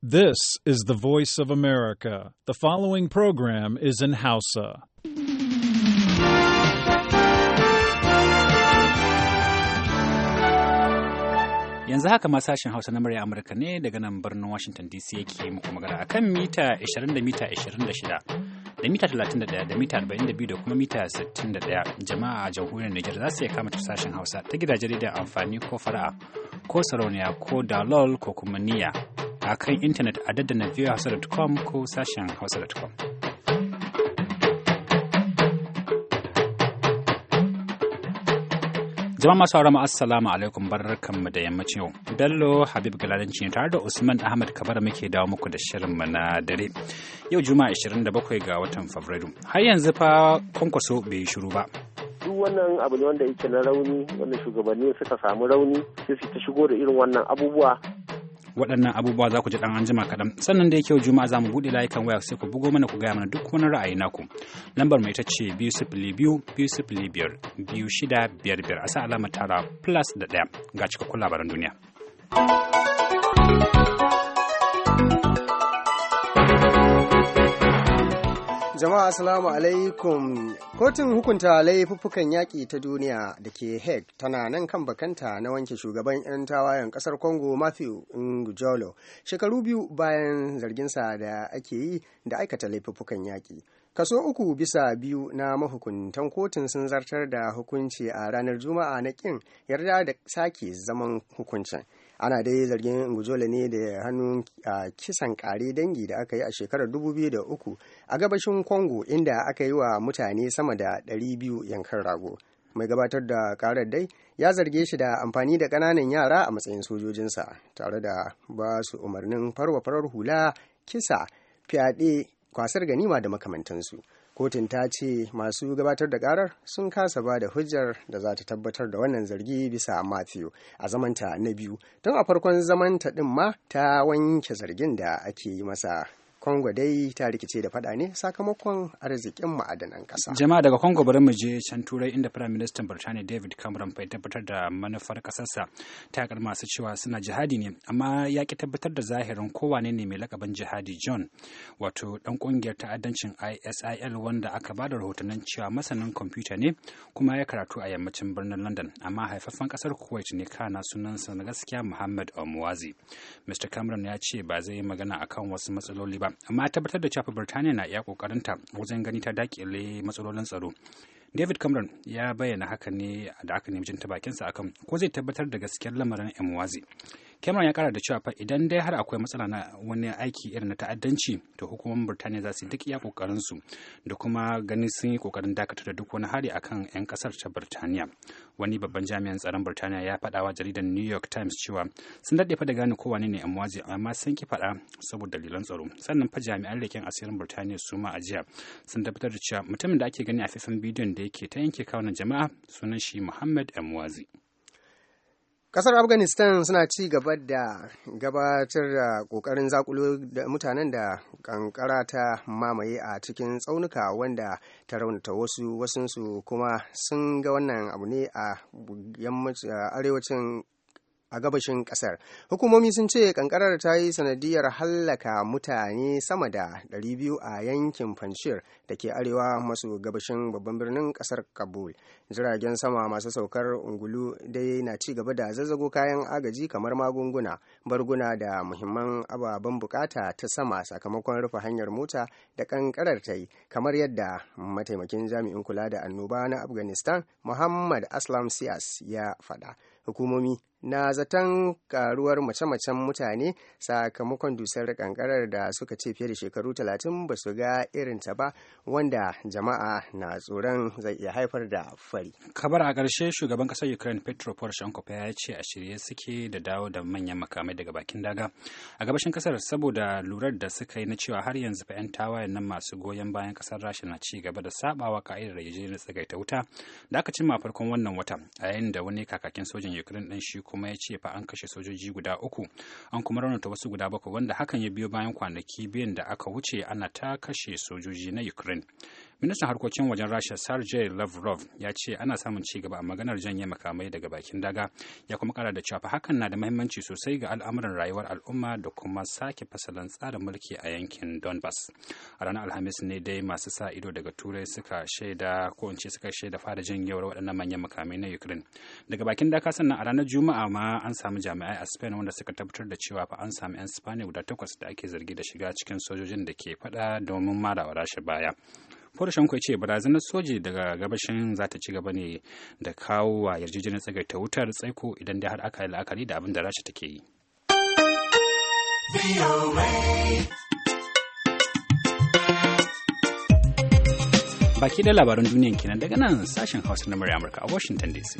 This is the voice of America. The following program is in Hausa. Yanzu haka ma sashen Hausa na murya Amurka ne daga nan birnin Washington DC yake muku magana akan mita 20 da mita 26 da mita 31 da mita 42 da kuma mita 61 jama'a a jamhuriyar Nijar za su iya kama sashen Hausa ta gidajen da amfani ko fara'a ko sarauniya ko dalol ko kuma niyya a kan intanet a daddana voahausa.com ko sashen hausa.com. Zama masu haura ma assalamu alaikum mu da yammacin yau. Bello Habib Galadanci ne tare da Usman Ahmad Kabara muke dawo muku da shirinmu na dare. Yau Juma'a 27 ga watan Fabrairu. Har yanzu fa kwankwaso bai shiru ba. duk wannan abu ne wanda yake na rauni wanda shugabanni suka samu rauni sai su ta shigo da irin wannan abubuwa waɗannan abubuwa za ku ji ɗan anjima kaɗan sannan da yake yau juma'a za mu buɗe layukan waya sai ku bugo mana ku gaya mana duk wani ra'ayi naku lambar mai ita ce biyu sifili biyu biyu sifili biyar biyu shida biyar biyar a sa alamar tara plus da ɗaya ga cikakkun labaran duniya. Jama'a Assalamu alaikum. Kotun hukunta laifuffukan yaƙi ta duniya da ke Hague tana nan kan bakanta na wanke shugaban 'yan tawayen ƙasar Congo Matthew Ngujolo shekaru biyu bayan zarginsa da ake yi da aikata laifuffukan yaƙi. Kaso uku bisa biyu na mahukuntan kotun sun zartar da hukunci a ranar Juma'a na ƙin yarda da sake zaman hukuncin. ana dai zargin Ngujolo ne da hannun a kisan kare dangi da aka yi a shekarar 2003 a gabashin congo inda aka yi wa mutane sama da 200 yankan rago mai gabatar da karar dai ya zarge shi da amfani da ƙananan yara a matsayin sojojinsa tare da ba su umarnin farwa farar hula kisa fyaɗe kwasar ganima da makamantansu kotun ta ce masu gabatar da karar sun kasa ba da hujjar da za ta tabbatar da wannan zargi bisa matthew a zamanta na biyu tun a farkon zamanta ɗin ma ta wanke zargin da ake yi masa Congo dai ta rikice da fada ne sakamakon arzikin ma'adanan kasa Jama'a daga Congo bari mu je can Turai inda Prime Minister Birtaniya David Cameron bai tabbatar da manufar kasarsa ta yakar masu cewa suna jihadi ne amma ya ki tabbatar da zahirin kowane ne mai lakabin jihadi John wato dan kungiyar ta'addancin ISIL wanda aka ba da rahotannin cewa masanin kwamfuta ne kuma ya karatu a yammacin birnin London amma haifaffen kasar Kuwait ne kana sunansa na gaskiya Muhammad Omwazi. Mr Cameron ya ce ba zai yi magana akan wasu matsaloli ba ba amma tabbatar da cewa birtaniya na iya kokarinta wajen gani ta dakile matsalolin tsaro david cameron ya bayyana haka ne da aka nemi jin bakinsa akan ko zai tabbatar da gaskiyar lamarin emwazi cameron ya kara da cewa fa idan dai har akwai matsala na wani aiki irin na ta'addanci to hukumomin birtaniya za su duk iya kokarin su da kuma ganin sun yi kokarin dakatar da duk wani hari akan 'yan kasar ta birtaniya wani babban jami'an tsaron birtaniya ya faɗa wa jaridar new york times cewa sun daɗe fa da gane kowa ne amwazi amma sun ki faɗa saboda dalilan tsaro sannan fa jami'an leken asirin birtaniya su ma a sun tabbatar da cewa mutumin da ake gani a faifan bidiyon da yake ta yanke kawunan jama'a sunan shi muhammad amwazi kasar afghanistan suna ci gaba da gabatar da kokarin zakulo da mutanen da kankara ta mamaye a cikin tsaunuka wanda ta raunata wasu wasunsu kuma sun ga wannan abu ne a arewacin a gabashin kasar hukumomi sun ce kankarar ta yi sanadiyar hallaka mutane sama da 200 a yankin panshir da ke arewa maso gabashin babban birnin kasar kabul jiragen sama masu saukar ungulu dai na ci gaba da zazzago kayan agaji kamar magunguna barguna da muhimman ababen bukata ta sama sakamakon rufe hanyar mota da kankarar ta yi kamar yadda mataimakin jami'in kula da annoba na afghanistan muhammad aslam sias ya faɗa hukumomi na zaton karuwar mace-macen mutane sakamakon dusar kankarar da suka ce fiye da shekaru talatin ba su ga ta ba wanda jama'a na tsoron zai iya haifar da fari. kabar a ƙarshe shugaban ƙasar ukraine petro poroshenko ya ce a shirye suke da dawo da manyan makamai daga bakin daga a gabashin ƙasar saboda lurar da suka yi na cewa har yanzu fa 'yan tawayen nan masu goyon bayan kasar rasha na ci gaba da sabawa ka'idar yarjejeniyar tsagaita wuta da aka cimma farkon wannan wata a yayin da wani kakakin sojin ukraine ɗin shi kuma ya ce fa an kashe sojoji guda uku an kuma raunata wasu guda bakwai wanda hakan ya biyo bayan kwanaki biyun da aka wuce ana ta kashe sojoji na ukraine ministan harkokin wajen rasha Sergey lavrov ya ce ana samun ci gaba a maganar janye makamai daga bakin daga ya kuma kara da cewa hakan na da mahimmanci sosai ga al'amuran rayuwar al'umma da kuma sake fasalan tsarin mulki a yankin donbass a ranar alhamis ne dai masu sa ido daga turai suka shaida ko in ce suka shaida fara janyewar waɗannan manyan makamai na ukraine daga bakin daga sannan a ranar juma'a ma an samu jami'ai a spain wanda suka tabbatar da cewa fa an samu 'yan Spain guda takwas da ake zargi da shiga cikin sojojin da ke faɗa domin marawa rasha baya poroshenko ya ce barazanar soji daga gabashin za ta ci gaba ne da kawo wa yarjejeniyar tsagai ta wutar tsaiko idan dai har aka yi la'akari da abin da rasha take yi baki da labaran duniyan kenan daga nan sashen hausa na murya amurka a washington dc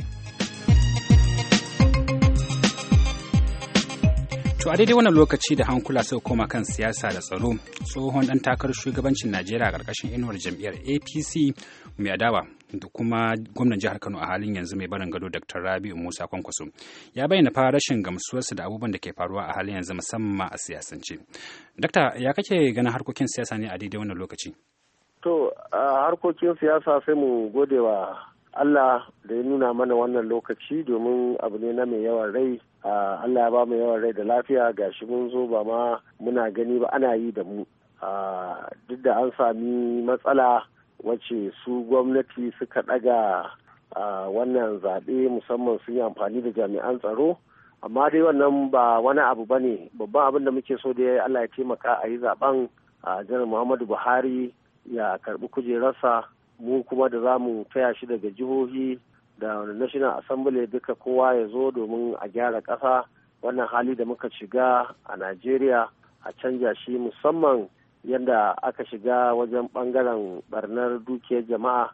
To a daidai wannan lokaci da hankula suka koma kan siyasa da tsaro tsohon ɗan takarar shugabancin Najeriya a ƙarƙashin inuwar jam'iyyar APC mai adawa da kuma gwamnan jihar Kano a halin yanzu mai barin gado Dr. Rabi'u Musa Kwankwaso ya bayyana fara rashin gamsuwarsa da abubuwan da ke faruwa a halin yanzu musamman a siyasance. Dr. ya kake ganin harkokin siyasa ne a daidai wannan lokaci? To harkokin siyasa sai mu gode wa Allah da ya nuna mana wannan lokaci domin abu ne na mai yawan rai Allah ya ba mu yawan rai da lafiya ga shi mun zo ba ma muna gani ba ana yi da mu duk da an sami matsala wace su gwamnati suka ɗaga wannan zaɓe musamman sun yi amfani da jami'an tsaro amma dai wannan ba wani abu ba ne babban abin da muke so da Allah ya taimaka a yi zaben a muhammadu buhari ya karɓi kujerarsa mu kuma da za mu taya shi daga jihohi da national assembly duka kowa ya zo domin a gyara ƙasa wannan hali da muka shiga a najeriya a canja shi musamman yadda aka shiga wajen ɓangaren barnar dukiyar jama'a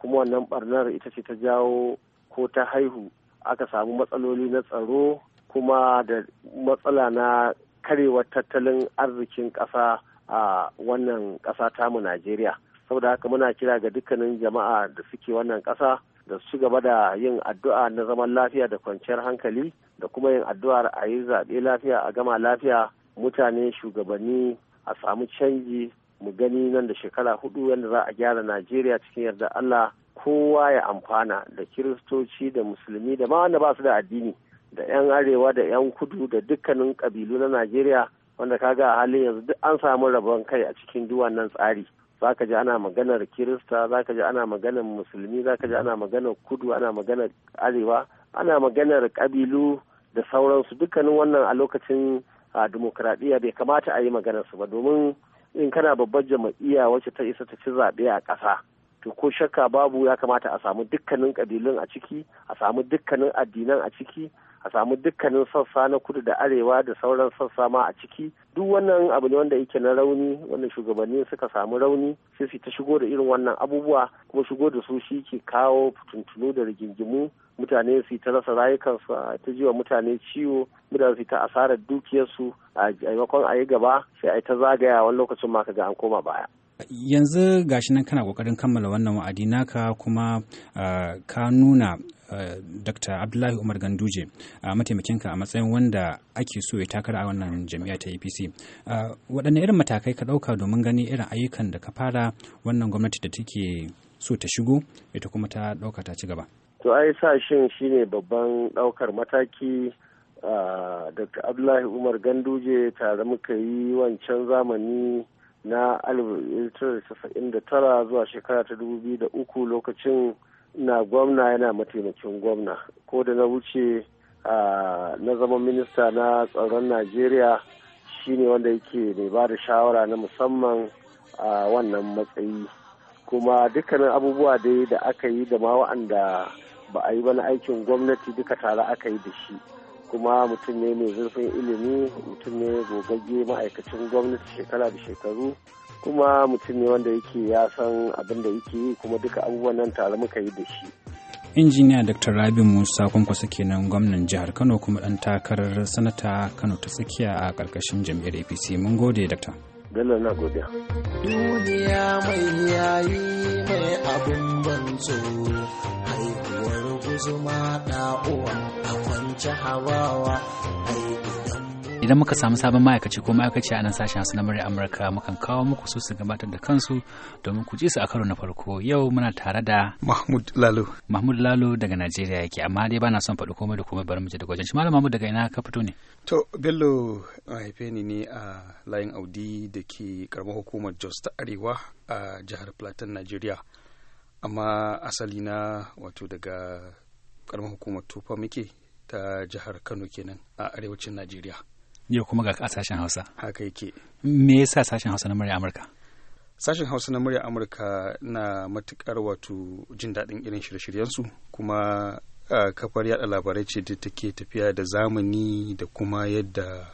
kuma wannan barnar ita ce ta jawo ko ta haihu aka samu matsaloli na tsaro kuma da matsala na karewar tattalin arzikin ƙasa a wannan ƙasa tamu najeriya saboda haka muna kira ga dukkanin jama'a da suke wannan ƙasa da su gaba da yin addu'a na zaman lafiya da kwanciyar hankali da kuma yin addu'ar a yi zaɓe lafiya a gama lafiya mutane shugabanni a samu canji mu gani nan da shekara hudu yadda za a gyara najeriya cikin yarda allah kowa ya amfana da kiristoci da musulmi da ma wanda ba su da addini da 'yan arewa da 'yan kudu da dukkanin ƙabilu na najeriya wanda kaga a halin yanzu duk an samu rabon kai a cikin duwannan tsari zaka ji ana maganar kirista zaka ji ana maganar musulmi zaka ji ana maganar kudu ana maganar arewa ana maganar kabilu da sauransu dukkanin wannan a lokacin a demokradiyya bai kamata a yi su ba domin in kana babbar jama'iyya wacce ta isa ta ci zaɓe a ƙasa to ko shakka babu ya kamata a samu dukkanin ƙabilun a ciki a samu dukkanin addinan a ciki a samu dukkanin sassa na kudu da arewa da sauran sassa ma a ciki duk wannan abu ne wanda yake na rauni wanda shugabanni suka samu rauni sai su ta shigo da irin wannan abubuwa kuma shigo da su shi ke kawo fitintunu da rigingimu mutane su ta rasa rayukansu a ta jiwa mutane ciwo mutane su ta asarar dukiyarsu a maimakon a yi gaba sai a yi ta zagaya wani lokacin ma ka ga an koma baya yanzu gashi nan kana kokarin kammala wannan wa'adi naka kuma ka nuna Eh, dr abdullahi umar ganduje a mataimakinka a matsayin wanda ake so ya takara a wannan jami'a ta apc waɗanne irin matakai ka ɗauka domin gani irin ayyukan da ka fara wannan gwamnati da take so ta shigo ita kuma ta ɗauka ta ci gaba to ai sa shin shine babban ɗaukar mataki dr abdullahi umar ganduje tare muka yi wancan zamani na 1999 eh, zuwa shekara ta 2003 lokacin na gwamna yana mataimakin gwamna ko da na wuce na zama minista na tsaron najeriya shine wanda yake mai ba da shawara na musamman a wannan matsayi kuma dukkanin abubuwa dai da aka yi da ma wa'anda ba a yi ba na aikin gwamnati duka tare aka yi da shi kuma mutum ne mai zurfin ilimi mutum ne gogagge ma'aikacin gwamnati shekara da shekaru kuma mutum ne wanda yake ya san abin da yake yi kuma duka abubuwan nan tare muka yi da shi injiniya dr rabi musa kwankwasa kenan gwamnan jihar kano kuma dan takarar sanata kano ta tsakiya a karkashin jam'iyyar apc mun gode dr bello na godiya duniya mai yayi mai abin banzo haihuwar guzuma da uwa a kwanci hawawa idan muka samu sabon ma'aikaci ko ma'aikaci a nan sashen hasu na murya amurka mukan kawo muku su su gabatar da kansu domin ku ji su a karo na farko yau muna tare da mahmud lalo mahmud lalo daga najeriya yake amma dai bana son faɗi komai da komai bari mu je daga wajen shi malam mahmud daga ina ka fito ne to bello haife ni ne a layin audi da ke karamar hukumar jos ta arewa a jihar plateau najeriya amma asali na wato daga karamar hukumar tufa muke ta jihar kano kenan a arewacin najeriya yau kuma ga sashen hausa haka yake me yasa sashen hausa na murya amurka sashen hausa na murya amurka na matukar wato jin daɗin irin shirye-shiryensu kuma kafar yada labarai ce da take tafiya da zamani da kuma yadda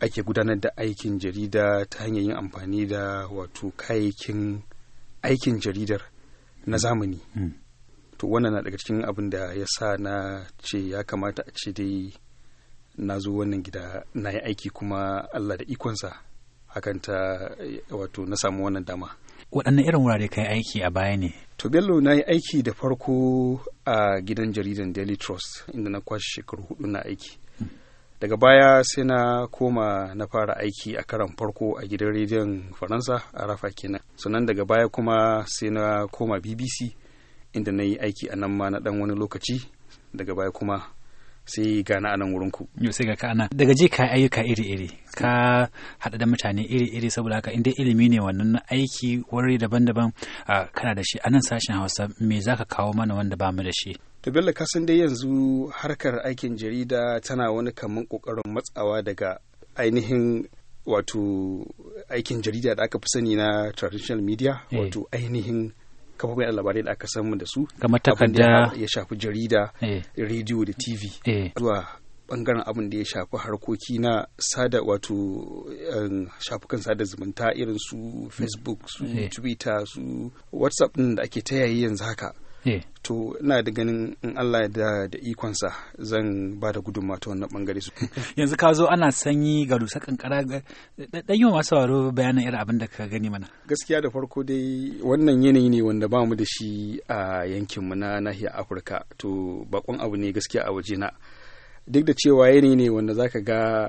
ake gudanar da aikin jarida ta hanyar yin amfani da wato kayayyakin aikin jaridar na mm. zamani mm. to wannan na daga cikin abin da ya sa na ce ya kamata a ce dai na zo wannan gida na yi aiki kuma Allah da ikonsa hakan ta wato na samu wannan dama. Waɗannan irin wurare kai aiki a baya ne? To Bello na yi aiki da farko a gidan jaridan Daily Trust inda na kwashe shekaru hudu na aiki. Daga baya sai na koma na fara aiki a karan farko a gidan rediyon Faransa a Rafa kenan. Sannan daga baya kuma sai na koma BBC inda na yi aiki a nan ma na ɗan wani lokaci daga baya kuma sai ga na anan wurin ku yau sai ga ka anan daga je ka ayyuka iri-iri ka haɗa da mutane iri-iri saboda haka inda ilimi ne wannan aiki wuri daban-daban kana da shi anan sashen hausa me za ka kawo mana wanda ba mu da shi to bello ka san dai yanzu harkar aikin jarida tana wani kamar kokarin matsawa daga ainihin wato aikin jarida da aka fi sani na traditional media eh. wato ainihin kafofin yada labarai da aka samu da su kamar takarda ya shafi jarida eh. rediyo da tv eh. zuwa bangaren abin da ya shafi harkoki na sada wato um, shafukan sada zumunta irin su facebook su eh. twitter su whatsapp din da ake ta yayi yanzu haka Eh. to ina da ganin in Allah da da ikonsa zan ba da gudunma ta wannan bangare su yanzu ka zo ana sanyi ga dusa kankara dan yi masu waro bayanan irin abin da ka gani mana gaskiya da farko dai wannan yanayi ne wanda ba mu da shi a yankinmu na nahiyar Afirka to bakon abu ne gaskiya a waje na duk da cewa yanayi ne wanda zaka ga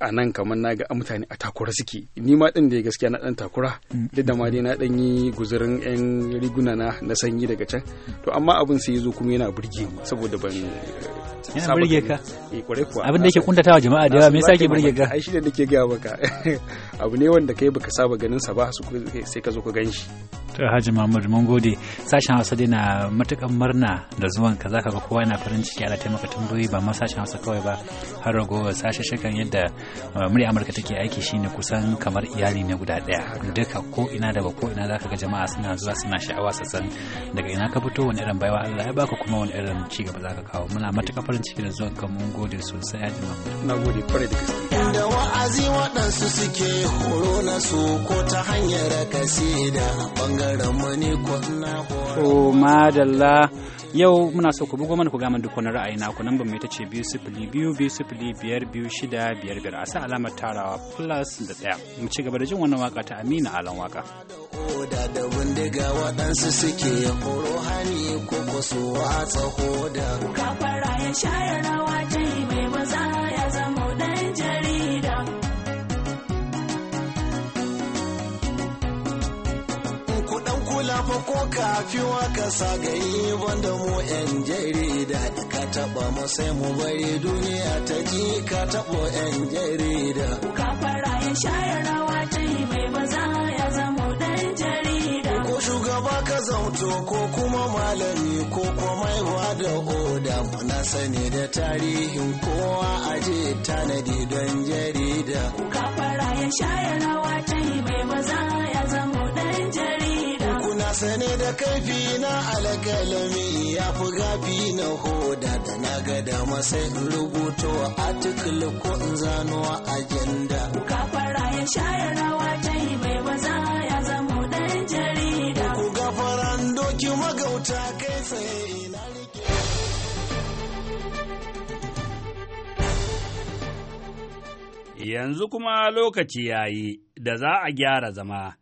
a nan kamar na ga mutane a takura suke ni ma din da gaskiya na dan takura duk da ma dai na dan yi guzurin yan riguna na na sanyi daga can to amma abin sai zo kuma yana burge mu saboda ban yana burge ka eh kuwa abin da yake kuntatawa jama'a da yawa me yasa yake burge ka ai shi da nake ga baka abu ne wanda kai baka saba ganin sa ba sai ka zo ka ganshi to Haji Mahmud mun gode sashen Hausa dai na matukan murna da zuwan ka zaka ga kowa yana farin ciki ana taimaka tambayoyi ba ma sashen hausa kawai ba har ragowar shakan yadda uh, murya amurka take aiki shine kusan kamar iyali ne guda daya duka ko ina da ba ko ina zaka ga jama'a suna zuwa suna sha'awa sassan daga ina ka fito wani irin baiwa Allah ya baka kuma wani irin ci gaba zaka kawo muna matuƙa farin ciki da zuwan ka mun gode sosai ya jima na gode kwarai da gaske da wa'azi waɗansu suke horo na su ko ta hanyar kasida bangaren mu ne ko na To madalla yau muna so ku bugo mana ku gama duk wani ra'ayi na ku namba mai ta ce biyu sifili biyu biyu sifili biyar biyu shida biyar biyar a sa alamar tarawa plus da ɗaya mu ci gaba da jin wannan waka ta Amina Alan waka. Da da bindiga waɗansu suke hani ko tsaho da. Kafara ya ta yi mai maza. kafin waka sagayi da mu yan jarida ka taba mu sai mu bari duniya ta ji ka tabo yan jarida ka fara ya rawa ta mai baza ya zama dan jarida ko shugaba ka zauto ko kuma malami ko kuma mai da oda na sani da tarihin kowa aje tanadi don jarida ka fara ya rawa ta sane da kaifi na alƙalami ya fi gafi na hoda da na ga dama sai in rubuto article ko in zano agenda. Kuka fara ya share ta yi mai maza ya zamo ɗan jarida. Ku faran doki magauta kai tsaye ina rike. Yanzu kuma lokaci ya yi da za a gyara zama.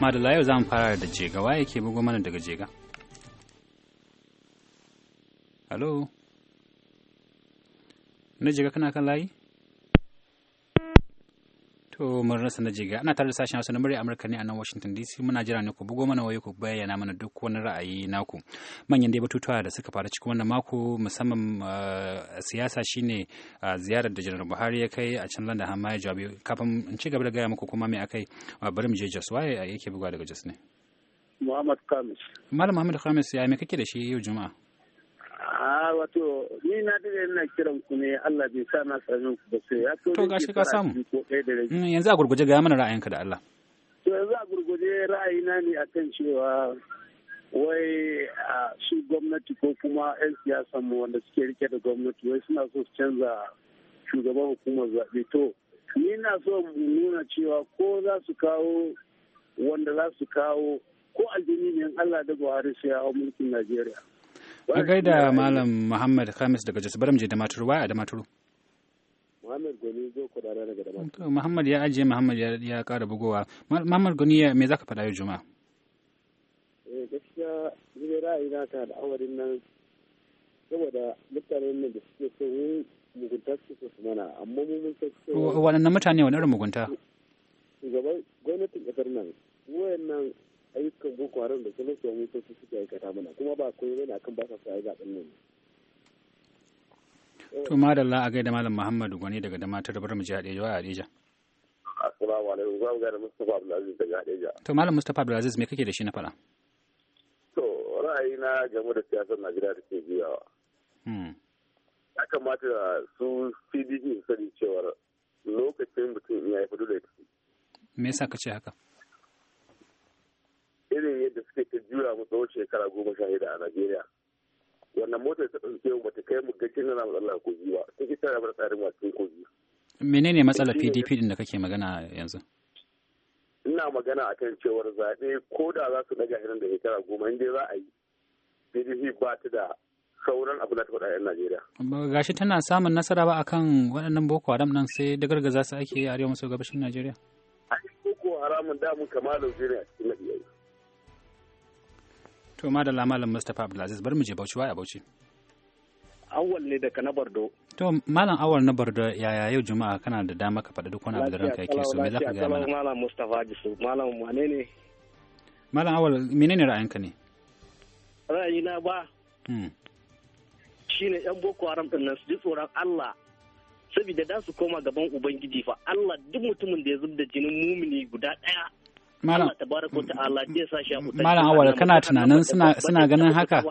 madalla yau za mu fara da jega waye ke bugo mana daga jega halo na jega kana kan layi To mun rasa na jiga ana tare da sashen Hausa na murya Amurka ne a nan Washington DC muna jira ne ku bugo mana waye ku bayyana mana duk wani ra'ayi naku. Manyan dai batutuwa da suka faru cikin wannan mako musamman eh, siyasa shine eh, ziyarar da Janar Buhari ya kai a can London har ma ya jawabi kafin in ci gaba da gaya muku kuma me akai eh, bari mu je Jos waye yake bugawa daga Jos ne. Muhammad Khamis. Malam Muhammad Khamis ya me kake da shi yau Juma'a? A ah, wato ni na daga ina kiran ku ne Allah bai sa na sami ku ba sai ya to to gashi ka samu mm, yanzu a gurguje ga mana ra'ayinka da Allah to yanzu a gurguje ra'ayina ne akan cewa wai a su gwamnati ko kuma 'yan siyasan mu wanda suke rike da gwamnati wai suna so su canza shugaban hukumar zaɓe to ni na so mu nuna cewa ko za su kawo wanda za su kawo ko aljini ne Allah da Buhari sai ya mulkin Najeriya. a gaida malam muhammad khamis daga jos baram da maturu waya da muhammad da muhammad ya ajiye muhammad ya kara bugowa muhammad goni me zaka faɗa yau juma'a eh gaskiya ni na ka da awarin nan saboda mutanen nan da mutane wani irin mugunta gwamnatin ƙasar nan wayannan ayyukan boko haram da kuma siyan motoci suke aikata mana kuma ba koyi bane akan ba sa su ga dan nan to madalla a gaida malam muhammadu gwani daga damatar bar mu ji hadeja wa hadeja assalamu alaikum zan ga da mustapha abdulaziz daga hadeja to malam mustapha abdulaziz me kake da shi na fara to ra'ayi na game da siyasar najeriya da ke biyawa hmm. ya kamata su pdp su sani cewar lokacin mutum ya yi fudu da me yasa kace haka irin yadda suke ta jura mu tsawon shekara goma sha shida a Najeriya. Wannan motar ta ɗauke mu ta kai mu ga kin na matsalar ko jiwa. ta ki tsara bar tsarin wasu kogi. Menene matsalar PDP din da kake magana yanzu? Ina magana akan cewar zaɓe ko da za su daga irin da shekara goma in dai za a yi. PDP ba ta da sauran abu da ta faɗa 'yan Najeriya. Gashi tana samun nasara ba akan waɗannan Boko Haram nan sai da gargaza su ake yi a arewa maso gabashin Najeriya. Ai Boko Haram da mun kamalar ne a cikin Najeriya. to madalla malam mustapha abdulaziz bar mu je bauchi waya bauchi awal ne daga na bardo to malam awal na bardo yaya yau juma'a kana da dama ka faɗi duk wani abu da ranka yake so me zaka ga mana malam mustapha jisu malam wane ne malam awal menene ra'ayinka ne ra'ayina ba hmm. shine yan boko haram din nan su ji tsoron Allah saboda da su koma gaban ubangiji fa Allah duk mutumin da ya zubda jinin mumini guda daya malam malam awal kana tunanin suna ganin haka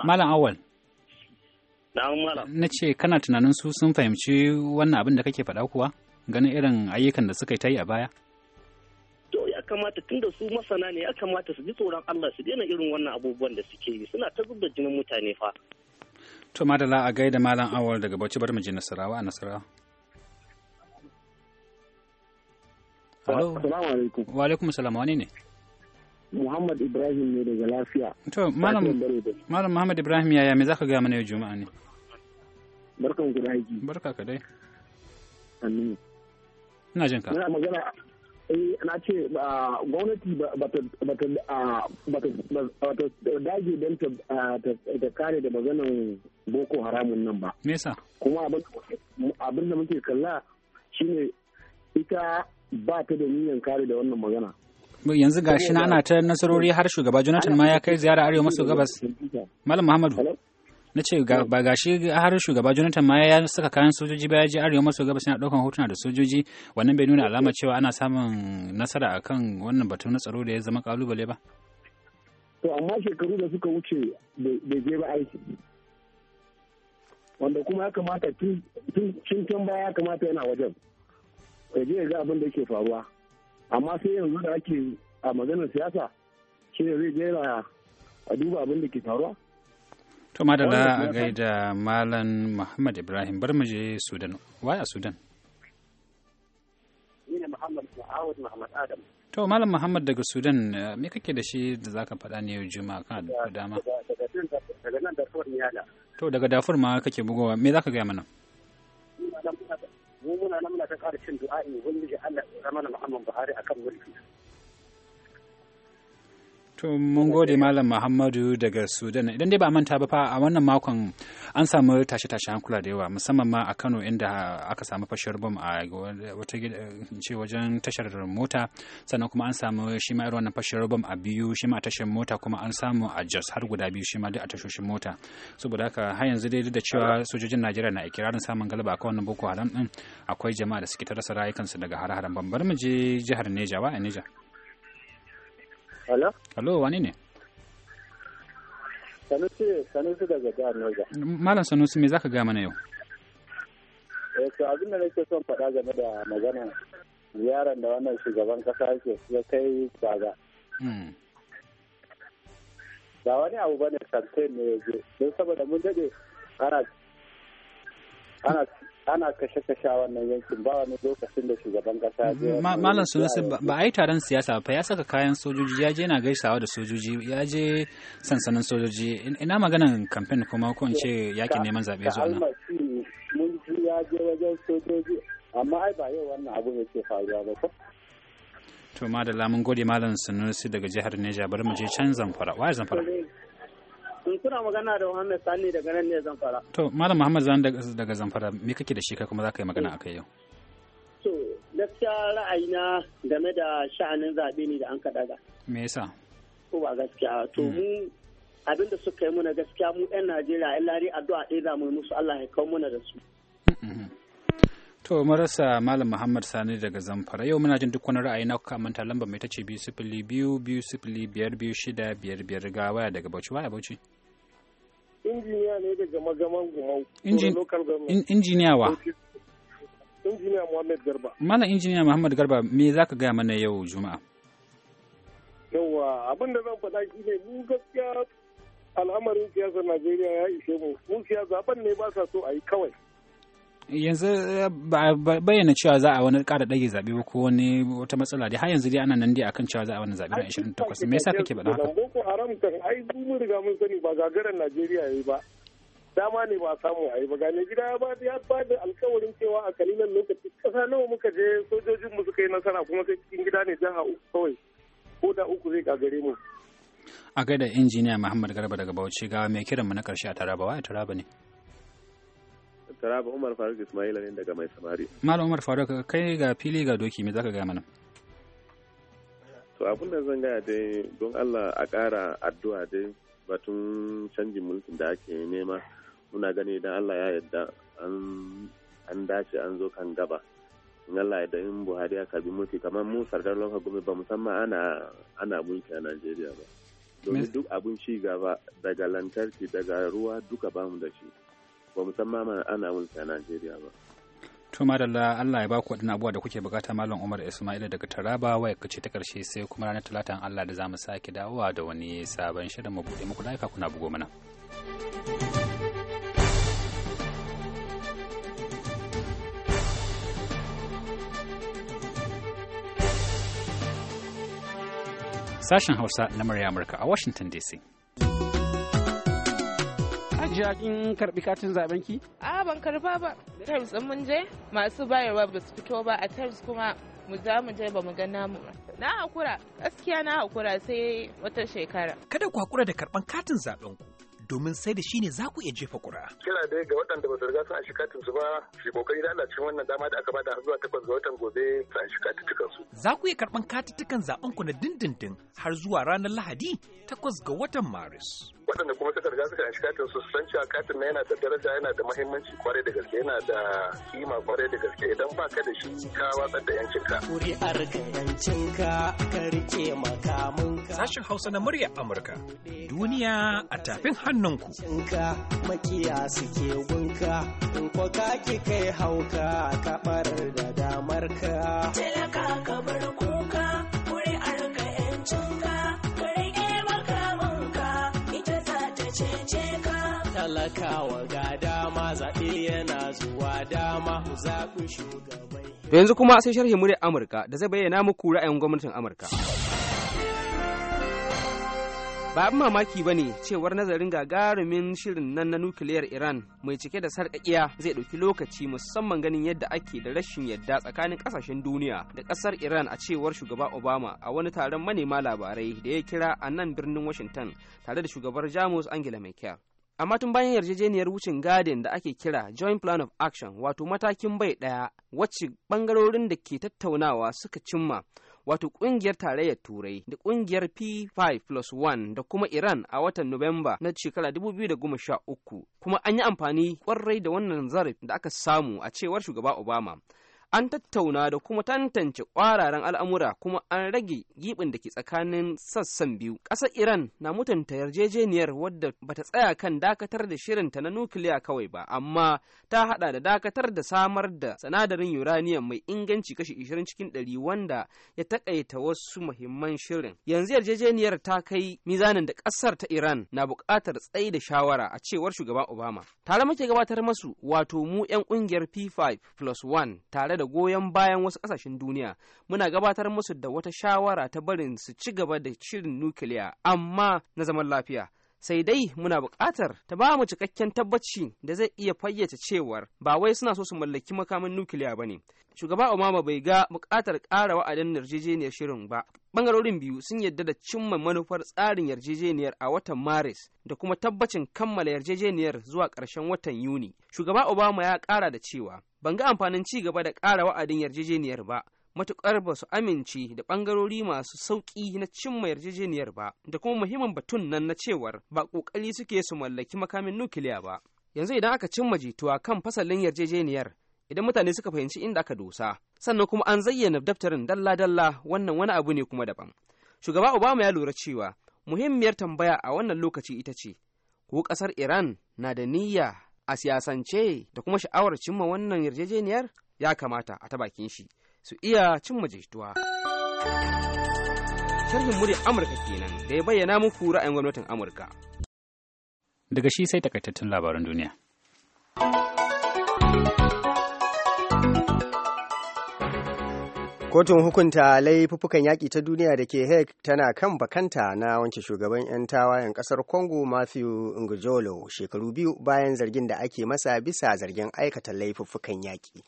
malam awal na ce kana tunanin su sun fahimci wannan abin da kake faɗa kuwa ganin irin ayyukan da suka yi ta yi a baya kamata tun su masana ne ya kamata su ji tsoron Allah su daina irin wannan abubuwan da suke yi suna ta zubda jinin mutane fa. To madala a gaida malam awal daga Bauchi bar mu Nasarawa a Nasarawa. Hello. Assalamu alaikum. Wa alaikum assalam wane ne? Muhammad Ibrahim ne daga lafiya. To malam Malam Muhammad Ibrahim yaya me zaka gaya mana yau Juma'a ne? Barkan ku da Barka ka dai. Amin. Ina jin ka. Ina magana eh na ce gwamnati ba ta dage don ta ah, kare da maganan Boko Haramun nan ba. Me yasa? Kuma abin da muke kalla shine ita ba ta da niyyar kare da wannan magana yanzu ga shi ana ta nasarori har shugaba jonathan ma ya kai ziyara arewa maso gabas malam muhammadu na ce ba ga shi har shugaba jonathan ma ya saka kayan sojoji baya ya je arewa maso gabas yana ɗaukan hotuna da sojoji wannan bai nuna alama cewa ana samun nasara a kan wannan batun na tsaro da ya zama kalubale ba to amma shekaru da suka wuce bai je ba aiki wanda kuma ya kamata tun can baya ya kamata yana wajen ya je ga abin da yake faruwa amma sai yanzu da ake a maganar siyasa shi ne zai jera a duba abin da ke faruwa to madalla a gaida malam muhammad ibrahim bar mu je sudan waya sudan Muhammad Mu'awud Muhammad Adam. To Malam Muhammad daga Sudan eh, me kake da shi da zaka faɗa ne yau Juma'a kana da dama? To daga dafur ma kake bugowa me zaka gaya mana? mu muna nan muna ta ƙara cin du'a'i ubangiji Allah ya zama na Muhammad Buhari akan mulki To mun gode Malam Muhammadu daga Sudan. Idan dai ba manta ba fa a wannan makon an samu tashe-tashe hankula da yawa musamman ma a Kano inda aka samu fashiyar bom a wata ce wajen tashar mota sannan kuma an samu shi ma irin wannan fashiyar bom a biyu shi ma a tashar mota kuma an samu a Jos har guda biyu shi ma duk a tashoshin mota. Saboda haka har yanzu dai da cewa sojojin Najeriya na ikirarin samun galaba a wannan Boko Haram din akwai jama'a da suke ta rasa rayukansu daga har-haren bambar mu je jihar Neja wa a Neja. Hello? Hello, wani ne? Sanusi, Sanusi daga jihar Niger. Malam Sanusi me zaka gama na yau? Eh, to abin da nake son faɗa game da magana ziyarar da wannan shugaban kasa yake ya kai baga. Hmm. Ba wani abu bane campaign ne ya je, don saboda mun dade ana ana ana kashe-kashe wannan yankin ba wani lokacin da shugaban kasa malam sulusi ba a yi taron siyasa ba ya saka kayan sojoji ya je yana gaisawa da sojoji ya je sansanin sojoji ina maganan kamfen kuma ko in ce yakin neman zaɓe zuwa nan mun ji ya je wannan abu ne faruwa ba gode malam sunusi daga jihar Neja bari mu je can zamfara wa zamfara in kuna magana da Muhammad Sani daga nan ne Zamfara. To, Malam Muhammad Sani daga Zamfara, me kake da shi kai kuma za ka yi magana a kai yau? To, gaskiya ra'ayina game da sha'anin zaɓe ne da an ka daga. Me yasa? Ko ba gaskiya, to hmm. mu abin da suka yi muna gaskiya mu 'yan Najeriya 'yan lari addu'a ɗaya za mu musu Allah ya kawo muna da su. Mm-hmm. To marasa Malam Muhammad Sani daga Zamfara yau muna jin duk wani ra'ayi na kuka manta lamba mai ce biyu sifili biyu biyu sifili biyar biyu shida biyar biyar ga waya daga Bauchi waya Bauchi. injiniya ne daga magaman gumau local government injiniya wa injiniya muhammad garba mana injiniya muhammad garba me za ka gaya mana yau juma'a yauwa abin da zan faɗa shi ne mu gaskiya al'amarin siyasar najeriya ya ishe mu mu siyasa ban ne ba sa so a yi kawai yanzu eh, ba bayyana cewa za a wani ƙara ɗage zaɓe ba ko wani wata matsala dai har yanzu dai ana nan dai akan cewa za a wani zaɓe na 28 me yasa kake faɗa haka boko haram kan ai mun riga mun sani ba gagaran Najeriya yayi ba dama ne ba samu a yi ba gane gida ya ba ya ba da alkawarin cewa a kalilan lokaci kasa nawa muka je sojojin mu suka yi nasara kuma sai cikin gida ne jiha uku kawai ko da uku zai gagare mu a gaida injiniya Muhammad Garba daga Bauchi ga mai kiran mu na karshe a Taraba wa Taraba ne Taraba Umar Faruk Ismaila ne daga Mai Samari. Malam Umar Faruk kai ga fili ga doki me zaka gaya mana? To abin da zan gaya dai don Allah a ƙara addu'a dai batun canjin mulkin da ake nema muna gani idan Allah ya yarda an dace an zo kan gaba. In Allah ya in Buhari aka bi mulki kamar mu sardar lokacin gumi ba musamman ana ana mulki a Najeriya ba. Domin duk abin ci gaba daga lantarki daga ruwa duka bamu da shi. ba musamman ana mulki a Najeriya ba. To madalla Allah ya baku waɗannan abubuwa da kuke bukata mallam Umar Ismail daga Taraba waya kace ta karshe sai kuma ranar Talatan Allah da zamu sake dawowa da wani sabon shirin mu bude muku laifa kuna bugo mana. Sashen Hausa na murya Amurka a Washington DC. jiya kin karbi katin zaben ki a ban karba ba terms din mun je masu bayarwa ba su fito ba a terms kuma mu za mu je ba mu ga namu ba na hakura gaskiya na hakura sai wata shekara kada ku hakura da karban katin zaben ku domin sai da shi ne za ku iya jefa kura. Kira dai ga waɗanda ba su riga sun katin su ba, shi kokari da Allah cikin wannan dama da aka bada zuwa takwas ga watan gobe su shiga katin su. Za ku iya karɓan katuttukan zaɓen ku na dindindin har zuwa ranar Lahadi takwas ga watan Maris. waɗanda kuma suka riga suka shiga katin su san cewa katin na yana da daraja yana da mahimmanci kwarai da gaske yana da kima kwarai da gaske idan ba ka da shi ka watsar da yancinka. Kuri'ar Kuri yancinka ka rike makaminka. Sashen Hausa na murya Amurka. Duniya a tafin hannunku. Cinka makiya suke gunka in ko ka ki kai hauka ka barar da damarka. Talaka ka bar kuka kuri'ar ka talakawa ga dama zaɓe yana zuwa dama ku zaɓi To Yanzu kuma sai sharhi muryar Amurka da zai bayyana muku ra'ayin gwamnatin Amurka. Ba abin mamaki ba ne cewar nazarin gagarumin shirin nan na nukiliyar Iran mai cike da sarƙaƙiya zai ɗauki lokaci musamman ganin yadda ake da rashin yadda tsakanin ƙasashen duniya da ƙasar Iran a cewar shugaba Obama a wani taron manema labarai da ya kira a nan birnin Washington tare da shugabar Jamus Angela Merkel. amma tun bayan yarjejeniyar wucin gadin da ake kira joint plan of action wato matakin bai ɗaya wacce ɓangarorin da ke tattaunawa suka cimma wato ƙungiyar tarayyar turai da ƙungiyar p5 plus 1 da kuma iran a watan nuwamba na shekara 2013 kuma an yi amfani kwarai da wannan zarafi da aka samu a cewar shugaba obama an tattauna da kuma tantance ƙwararen al'amura kuma an rage gibin da ke tsakanin sassan biyu ƙasar iran na mutunta yarjejeniyar wadda bata tsaya kan dakatar da shirinta na nukiliya kawai ba amma ta haɗa da dakatar da samar da sanadarin uranium mai inganci kashi 20 cikin 100 wanda ya taƙaita wasu muhimman shirin yanzu yarjejeniyar ta kai mizanin da ƙasar ta iran na buƙatar tsayi da shawara a cewar shugaban obama tare muke gabatar masu wato mu 'yan ƙungiyar p5 plus 1 tare da goyon bayan wasu ƙasashen duniya muna gabatar musu da wata shawara ta barin su ci gaba da shirin nukiliya amma na zaman lafiya sai dai muna buƙatar ta ba mu cikakken tabbaci da zai iya fayyace cewar ba wai suna so su mallaki makamin nukiliya ba ne shugaba obama bai ga buƙatar ƙara wa'adin yarjejeniyar shirin ba bangarorin biyu sun yadda da cimma manufar tsarin yarjejeniyar a watan maris da kuma tabbacin kammala yarjejeniyar zuwa ƙarshen watan yuni shugaba obama ya ƙara da cewa ban ga amfanin ci gaba da ƙara wa'adin yarjejeniyar ba matuƙar ba su amince da ɓangarori masu sauƙi na cimma yarjejeniyar ba da kuma muhimmin batun nan na cewar ba ƙoƙari suke su mallaki makamin nukiliya ba yanzu idan aka cimma jituwa kan fasalin yarjejeniyar idan mutane suka fahimci inda aka dosa sannan kuma an zayyana daftarin dalla-dalla wannan wani abu ne kuma daban shugaba obama ya lura cewa muhimmiyar tambaya a wannan lokaci ita ce ko ƙasar iran na da niyya a siyasance da kuma sha'awar cimma wannan yarjejeniyar ya kamata a ta bakin shi su iya cimma jituwa. Sharhin muryar Amurka kenan da ya bayyana muku ra'ayin gwamnatin Amurka. Daga shi sai takaitattun labaran duniya. Kotun hukunta laifuffukan yaƙi ta duniya da ke Hague tana kan bakanta na wanke shugaban 'yan tawayen ƙasar Congo Matthew Ngujolo shekaru biyu bayan zargin da ake masa bisa zargin aikata laifuffukan yaƙi.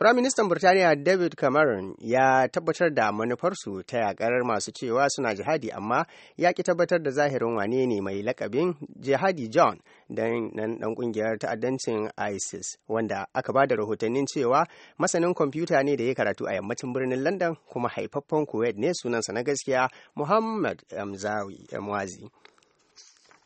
Firaministan Birtaniya David Cameron ya tabbatar da manufarsu ta yakar masu cewa suna jihadi amma ya ki tabbatar da zahirin wane ne mai lakabin jihadi John dan dan kungiyar ta'addancin ISIS wanda aka ba da rahotannin cewa masanin kwamfuta ne da ya karatu a yammacin birnin London kuma haifaffen Kuwait ne sunansa na gaskiya Muhammad Mwazi.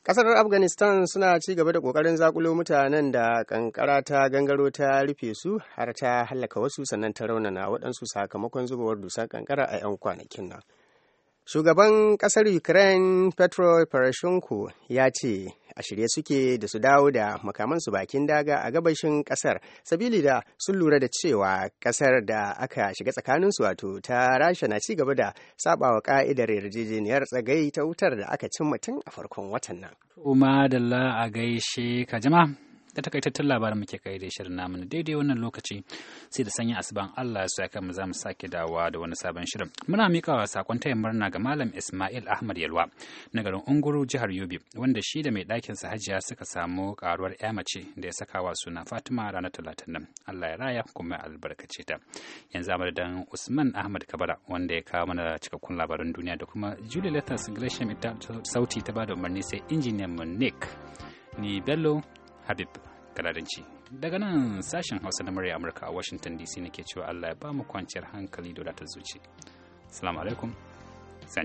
Kasar Afghanistan suna ci gaba da kokarin zakulo mutanen da kankara ta gangaro ta rufe su har ta halaka wasu sannan ta raunana waɗansu sakamakon zubawar dusar kankara a 'yan kwanakin nan. Shugaban ƙasar Ukraine Petro Poroshenko ya ce a shirye suke da su dawo da makamansu bakin daga a gabashin ƙasar, sabili da sun lura da cewa ƙasar da aka shiga tsakaninsu wato ta rasha na cigaba da sabawa ƙa'idar yarjejeniyar tsagai ta wutar da aka cimma tun a farkon watan nan. Umar da a gaishe ka jima. da takaitattun labarin muke kai da shirin namu na daidai wannan lokaci sai da sanya asuban Allah ya saka mu za mu sake dawowa da wani sabon shirin muna mikawa sakon taya murna ga malam Ismail Ahmad Yalwa na garin Unguru jihar Yobe wanda shi da mai ɗakin sa Hajiya suka samu karuwar ya mace da ya saka wa suna Fatima ranar talatin nan Allah ya raya kuma albarkace ta yanzu dan Usman Ahmad Kabara wanda ya kawo mana cikakkun labaran duniya da kuma Julie Letters Gresham ita sauti ta bada umarni sai injiniyan mu Nick ni Bello habib galadanci daga nan sashen hausa na murya amurka a washington dc nake cewa allah ya ba mu kwanciyar hankali da wadatar zuci salamu alaikum sai